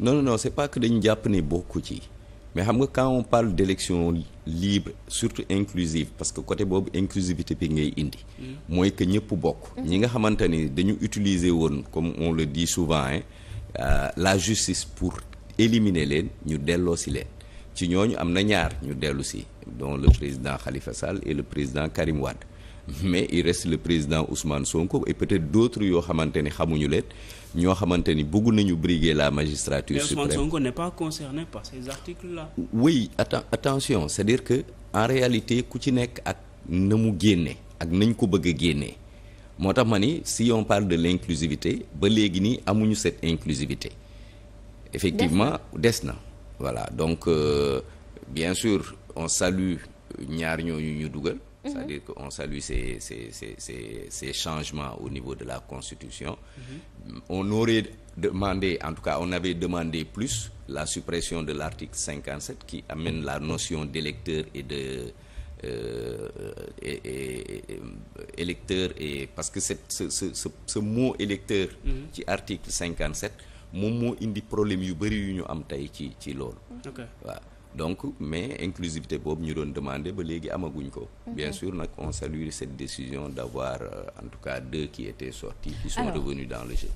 non non c'est pas que dañu jàpp ni bokku ci mais xam nga quand on parle d'élection libre surtout inclusive parce que côté boobu inclusivité bi ngay indi mooy que ñëpp bokk ñi nga xamante ni dañu utiliser woon comme on le dit souvent hein, euh, la justice pour éliminer leen ñu delloo si leen ci ñooñu am na ñaar ñu dellu si dont le président Khalifa Sall et le président Karim mais il reste le président Ousmane Sonko et peut-être d'autres yoo xamante ni xamuñu leen ñoo xamante ni bëgg nañu briguer la magistrature suprême. Ousmane Sonko n'est pas concerné par ces articles-là. oui atten attention cest dire que en réalité ku ci nekk ak na mu génne ak nañ ko bëgg a génnee moo tax ma ni si on parle de l'inclusivité ba léegi nii amuñu cette inclusivité effectivement des na voilà donc euh, bien sûr on salue ñaar ñooñu ñu dugal Mm -hmm. C'est-à-dire qu'on salue ces, ces, au niveau de la Constitution. Mm-hmm. On aurait demandé, en tout cas, on avait demandé plus la suppression de l'article 57 qui amène la notion d'électeur et de. Euh, électeurs et, parce que ce, ce, ce, ce, mm-hmm. ci article 57 moom moo indi problème yu bëri yu ñu am tey ci ci loolu waaw donc mais inclusivité boobu ñu doon demandé ba léegi amaguñ ko. Mhm. bien sur nag on salue cette décision d'avoir euh, en tout cas deux qui étaient sortis qui sont revenus dans le jeu.